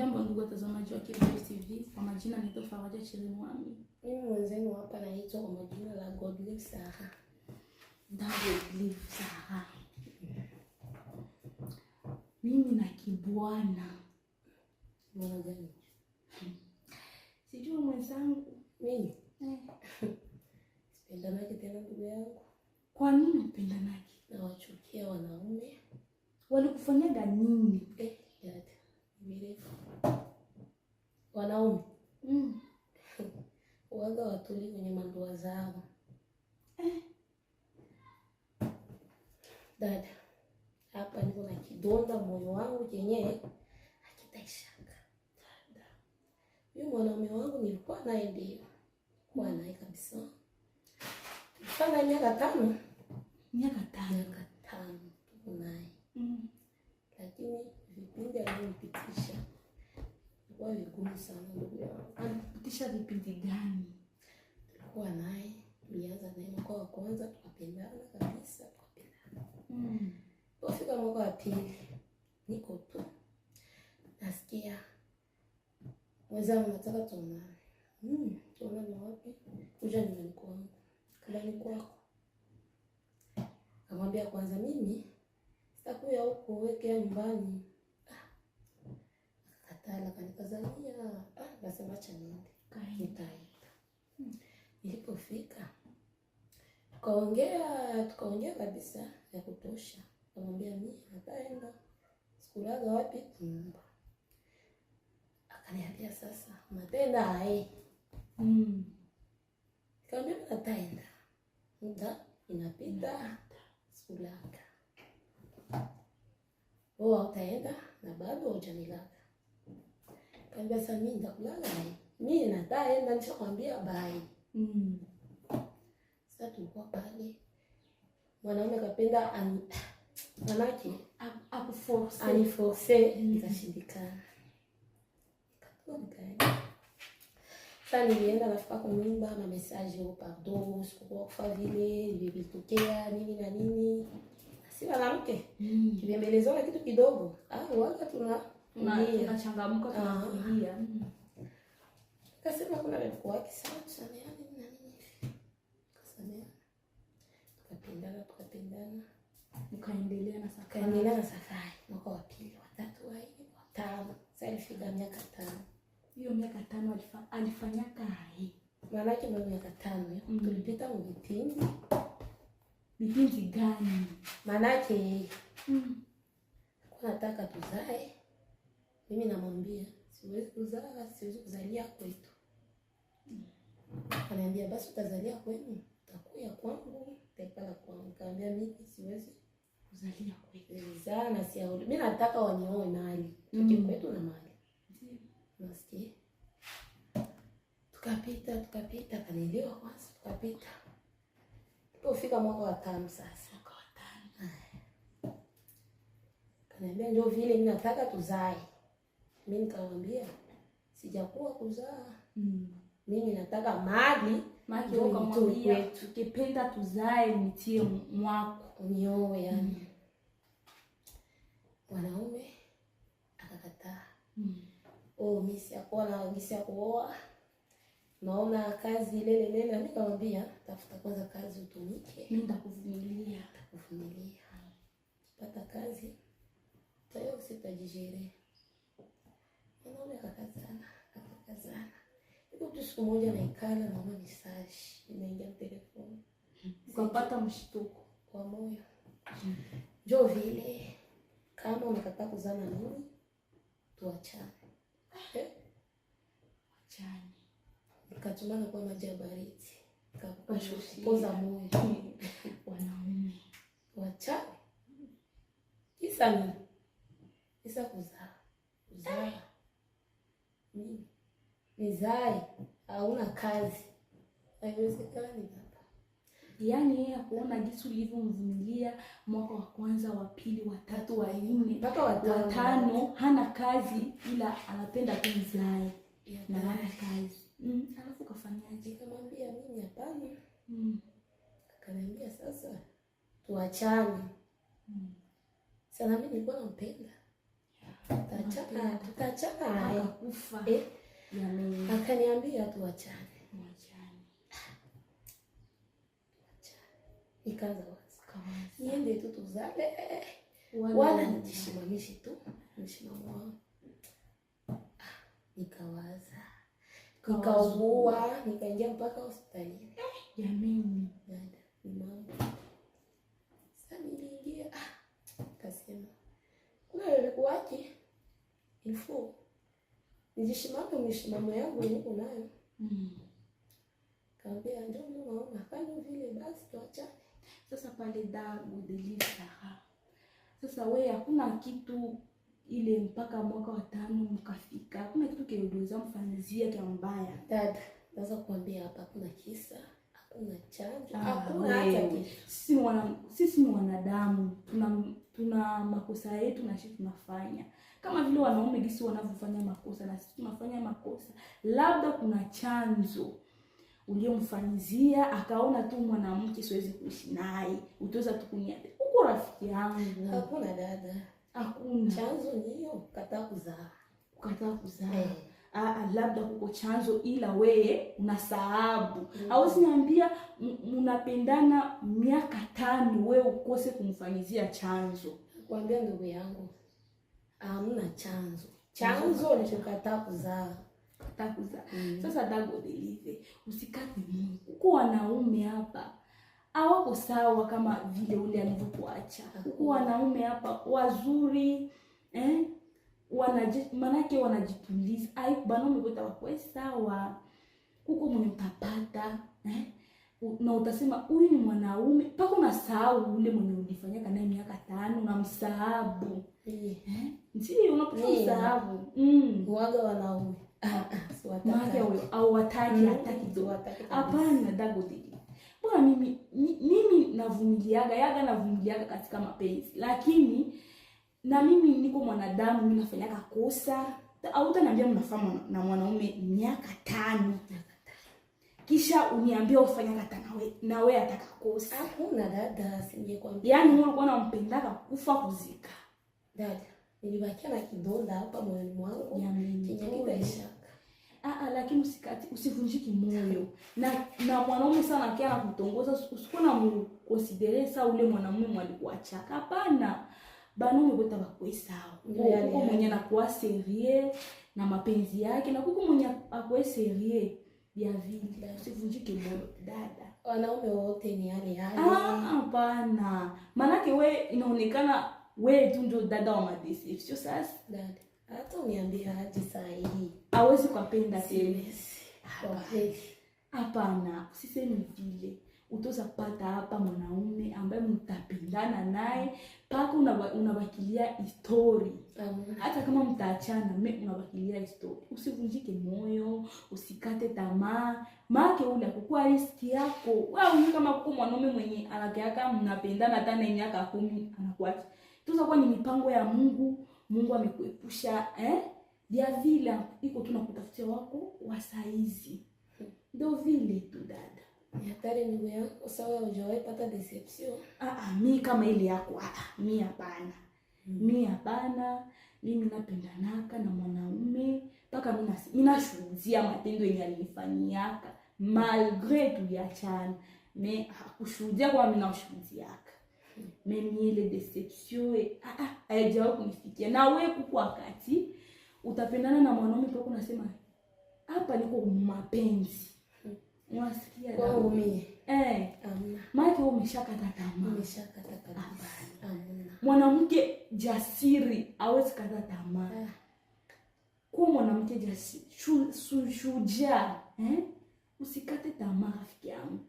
Hamjambo ndugu watazamaji wa Kivu TV, kwa majina naitwa Faraja Chirimwami. Mimi mwenzenu hapa naitwa kwa majina la Godlive Sara. Godlive Sara. Mimi na kibwana. Mwana gani? Sijui mwenzangu. Mimi. Eh. Sipendanake tena ndugu yangu. Kwa nini upendanake? Nawachukia wanaume. Walikufanyaga nini? Eh. wanaume mm. waga watuli kwenye mandoa zao eh. Dada, hapa niko na kidonda moyo wangu chenyewe akitaishaka Dada, huyu mwanaume wangu nilikuwa naye, ndio kuwa mm. naye kabisa, tulikuwa naye miaka tano, miaka tano, miaka tano tuko naye mm. lakini vipindi alivyopitisha wewe ni gumu sana ndugu yangu. Alipitisha vipindi gani? Tulikuwa naye, tulianza naye mwaka wa kwanza tukapendana kabisa, tukapendana. Mm. Tukafika mwaka wa pili. Niko tu. Nasikia mwenzangu nataka tuonane. Mm, tuonane wapi? Kuja nyumbani kwangu. Kama ni kwako. Kamwambia kwanza mimi sitakuja huko, wekea nyumbani akatala kanikazania, ah, nasema acha niende nitaenda. Nilipofika tukaongea tukaongea kabisa ya kutosha, kamwambia mi nataenda sikulaga wapi nyumba. Akaniambia sasa matenda hae. Mm. Kaambia nataenda, muda inapita sikulaga, wewe utaenda na bado hujanilaga Akaniambia sasa mimi nitakulala naye. Mimi nataka enda nishakwambia bye. Mm. Sasa tulikuwa pale. Mwanaume akapenda an manake akuforce. Aniforce mm. Ikashindikana. Ikapoka. Sasa nilienda nafika kwa nyumba na message au oh, pardon, sikuwa kwa vile, ilitokea nini na nini. Sina mwanamke. Mm. Kibembelezwa kitu kidogo. Ah, waga tuna tunachangamka tunafurahia. Kasema kuna alikuwa akisema tusameane na nini, tukasameana, tukapendana, tukapendana, mkaendelea na safari, kaendelea na safari, mwaka wa pili, watatu, wa nne, wa tano. Sasa alifika miaka tano. Hiyo miaka tano alifanya kazi, maanake ndio miaka tano tulipita mvipindi. Vipindi gani? Maanake nataka tuzae mimi namwambia siwezi kuzaa, siwezi kuzalia kwetu. Ananiambia basi utazalia kwenu, utakuya kwangu, utakala kwangu. Kaambia mimi siwezi kuzalia kwetu. Zaa na siauli. Mimi nataka wanioe mali. Tuki mm. kwetu na mali. Nasikia. Tukapita, tukapita, kanielewa kwanza, tukapita. Tulipofika mwaka wa tano sasa. Mwaka ndio vile ninataka tuzae mi nikamwambia sijakuwa kuzaa mm. mimi nataka mali kwetu, ukipenda tuzae, nitie mwako nioe yani mm. mwanaume akakataa mm. oh, mi siakuona gisi ya kuoa naona kazi ile ile ile. Nikamwambia tafuta kwanza kazi utumike, mimi nitakuvumilia, nitakuvumilia. kazi tayo sitajijere mtu siku moja mm. naikala naona misashi imeingia telefoni, ukapata mshtuko wa moyo. Mm. Njo vile kama unakataa kuzaa na mimi tuachane, Nikatuma eh? Nikatumana kwa maji ya baridi, nikapoza moyo, wanaume wachane. Kisa nini? isa kuzaa, kuzaa ah nizae, hauna kazi, haiwezekani Yaani yeye hakuona jinsi ulivyomvumilia mwaka wa kwanza, wa pili, wa tatu, wa nne mpaka wa tano, hana kazi, ila anapenda tu mzae na hana kazi mm. Alafu kafanyaje? Nikamwambia mimi hapana mm. Akaniambia sasa tuachane mm. Sana mimi nilikuwa nampenda, tutachana, tutachana, akakufa eh. Akaniambia tu wachane. Wachane. Nikaanza niende tu tuzale, wala nijishimamishe tu msimamo wangu. Nikawaza, ah, nikaugua, nikaingia mpaka hospitalini. Jamani, dada, mama sasa niliingia, ah, kasema wewe ulikuwaje? Info nijishimame mishimamo yangu niko nayo. Mm. Kaambia ndio unaona kama vile basi tuachane. Sasa pale da deliver. Sasa we hakuna kitu ile mpaka mwaka wa tano mkafika. Hakuna kitu kiuliza mfanyizia kwa mbaya. Dada, naweza kuambia hapa kuna kisa. Hakuna chanjo. Ah, hakuna hata sisi wana sisi ni wanadamu. Tuna tuna makosa yetu na shit tunafanya kama vile wanaume jinsi wanavyofanya makosa na sisi tunafanya makosa. Labda kuna chanzo uliomfanyizia akaona tu mwanamke siwezi kuishi naye, utaweza tu kuniambia uko rafiki yangu. Hakuna dada, hakuna chanzo hiyo, ukataa kuzaa, ukataa kuzaa eh. labda kuko chanzo ila weye una sababu mm. au niambia mnapendana miaka tano, wewe ukose kumfanyizia chanzo. Kuambia ndugu yangu hamna chanzo. Chanzo ni kukataa kuzaa. Kataa kuzaa. Mm. Sasa dagodilive usikati Mungu. Uko wanaume hapa hawako sawa kama vile ule alivyokuacha. Uko wanaume hapa wazuri eh? Wanaje, manake wanajituliza ai banamume kota wakwe sawa, huko mwenye utapata eh? na utasema huyu ni mwanaume mpaka unasahau ule mwenye ulifanyaka naye miaka tano na msahabu yeah. eh? Ndio unapofunza mm. mm. wanaume. Huyo au wataki Hapana mimi mimi navumiliaga, yaga navumiliaga katika mapenzi. Lakini na mimi niko mwanadamu, mimi nafanyaga kosa. Au utaniambia mnafahamu na mwanaume miaka tano. Kisha uniambia ufanyaka hata nawe nawe atakakosa. Hakuna dada, singekwambia. Yaani ulikuwa nampendaka kufa kuzika. Dada nilibakia na kidonda hapa moyoni mwangu chenye shaka. Ah, ah lakini usikati usivunjiki moyo na na mwanaume sana kia na kutongoza usiku na mukosidere sa ule mwanamume mwalikuacha. Hapana, banaume wote bakwe sawa, kuko mwenye na kuwa serie na mapenzi yake na kuko mwenye akwe serie ya vile. Usivunjike moyo dada, wanaume wote ni yale yale. Ah, hapana, maanake we inaonekana wewe tu ndio dada wa madesi, sio sasa dada. Hata uniambia hadi saa hii hawezi kupenda tena. Hapana, usiseme vile. Utoza pata hapa mwanaume ambaye mtapendana naye paka una histori um. Hata kama mtaachana, mimi unawakilia histori. Usivunjike moyo, usikate tamaa, make ule akukuwa riski yako. Wewe kama kuko mwanaume mwenye anakeaka mnapendana tena miaka kumi anakuacha kuwa ni mipango ya Mungu. Mungu amekuepusha eh, dia vila iko tunakutafutia wako wasaizi, ndio vile tu dada. Hatari ni yako sawa, hujawahi pata deception? Ah ah, mi kama ile yako ah, ah mi hapana, mm. mi hapana. Mimi napendanaka na mwanaume mpaka mimi nashuhudia matendo yenye alinifanyiaka malgre tuliachana, me hakushuhudia ah, kwa mimi nashuhudiaka mimi ile deception e, ah, ah, haijawa ah, kunifikia. Oh, na wewe kuko wakati utapendana na mwanaume kwa kunasema hapa niko mapenzi. Unasikia kwa umie. Eh, amna. Maana wewe umeshakata tamaa. Umeshakata kabisa. Amna. Mwanamke jasiri hawezi kata tamaa. Eh. Kwa mwanamke jasiri, shujaa, eh? Usikate tamaa rafiki yangu.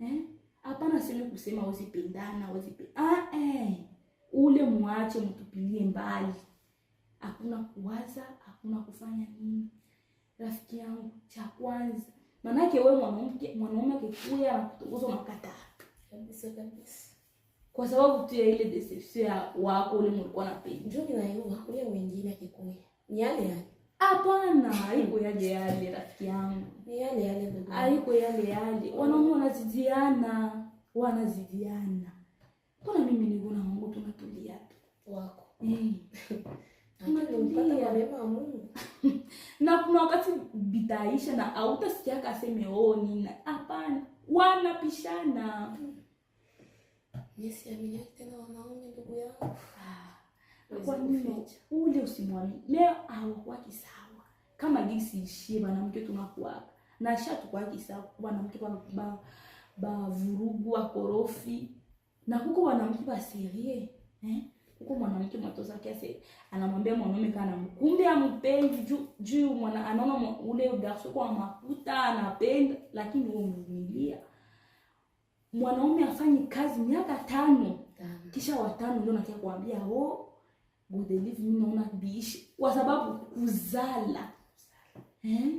Eh? Hapana, sioni kusema huwezi pendana, Ah, eh. Ule muache, mtupilie mbali. Hakuna kuwaza, hakuna kufanya nini. Rafiki yangu cha kwanza. maanake wewe mwanamke, mwanaume akikuya anakutongoza unakataa. Kabisa kabisa. Kwa sababu tu ya ile deception ya wako ule mlikuwa napenda. Njoo ni wewe, hakuna wengine akikuya. Ni yale yale. Hapana, haiko yale yale rafiki yangu. Ni yale ndugu. Haiko yale yale. Mm. Wanaume wanazidiana, wanazidiana. Kuna mimi niko na Mungu tunatulia tu. Wako. Eh. Tunatulia mema Mungu. Na kuna wakati bidaisha na hautasikia kaseme oh nina. Hapana, wanapishana. Mm. Yes, ya mimi tena wanaume ndugu yangu kwa nini ule usimwamini? Leo hawakuwaki kisawa kama jinsi ishie wanamke hapa na sha shatukwaki sawa, kwa ba ba vurugu wa korofi na huko wanamke wa serie eh huko mwanamke mwatoza kiasi anamwambia mwanaume kana mkumbe ampendi juu juu mwana anaona ule garso kwa makuta anapenda, lakini wewe mvumilia. Mwanaume afanye kazi miaka tano, kisha watano ndio nataka kuambia oh but they leave you naona biishi kwa sababu kuzala eh?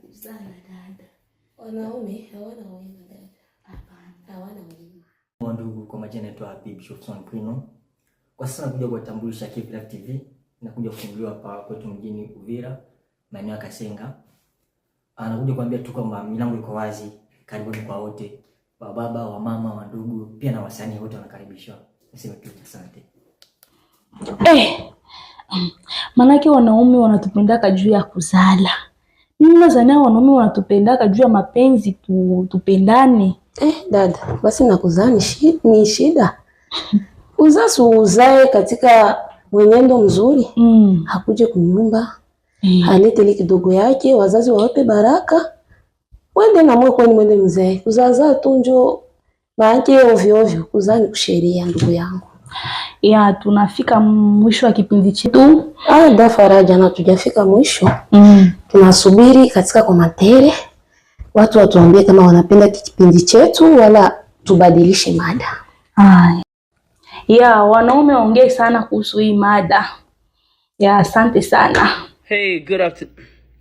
Kuzala dada, wanaume hawana wema dada, hapana, hawana wema ndugu. Kwa majina yetu Habib Shofson pino kwa sasa nakuja kuwatambulisha Kevlar TV, nakuja kufunguliwa hapa kwetu mjini Uvira, maeneo ya Kasenga. Anakuja ah, kuambia tu kwamba milango iko wazi, karibuni kwa wote, wababa, wamama, wandugu, pia na wasanii wote wanakaribishwa. Niseme tu asante. Eh, um, manake wanaume wanatupendaka juu ya kuzala. Mimi nazania wanaume wanatupendaka juu ya mapenzi tu, tupendane. Eh, dada basi nakuzaa ni shida uzaa uzae katika mwenendo mzuri mm. Hakuje kunyumba mm. Eh. Aletele kidogo yake wazazi wawape baraka, wende namwe kweni mwende mzae. kuzaza tu njo maake ovyo ovyo, kuzaa ni kusheria ndugu yangu ya tunafika mwisho wa kipindi chetu. Ah, Faraja, na tujafika mwisho mm. Tunasubiri katika kwa matere watu watuambie kama wanapenda kipindi chetu wala tubadilishe mada. Ay. Ya wanaume waongee sana kuhusu hii mada ya. Asante sana. Hey, good afternoon.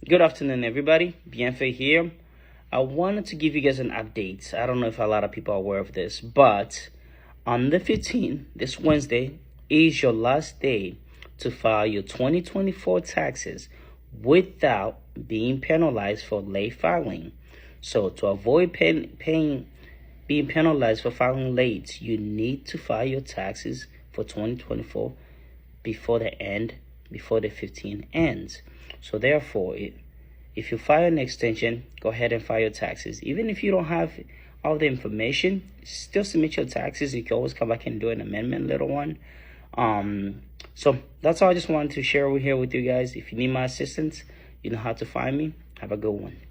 Good afternoon everybody. Bienfe here. I wanted to give you guys an update. I don't know if a lot of people are aware of this, but On the 15th, this Wednesday, is your last day to file your 2024 taxes without being penalized for late filing. So, to avoid pay, paying, being penalized for filing late, you need to file your taxes for 2024 before the end, before the 15 ends. So, therefore, if you file an extension, go ahead and file your taxes. Even if you don't have all the information. Still submit your taxes. You can always come back and do an amendment, little one. Um, so that's all I just wanted to share here with you guys. If you need my assistance, you know how to find me. Have a good one.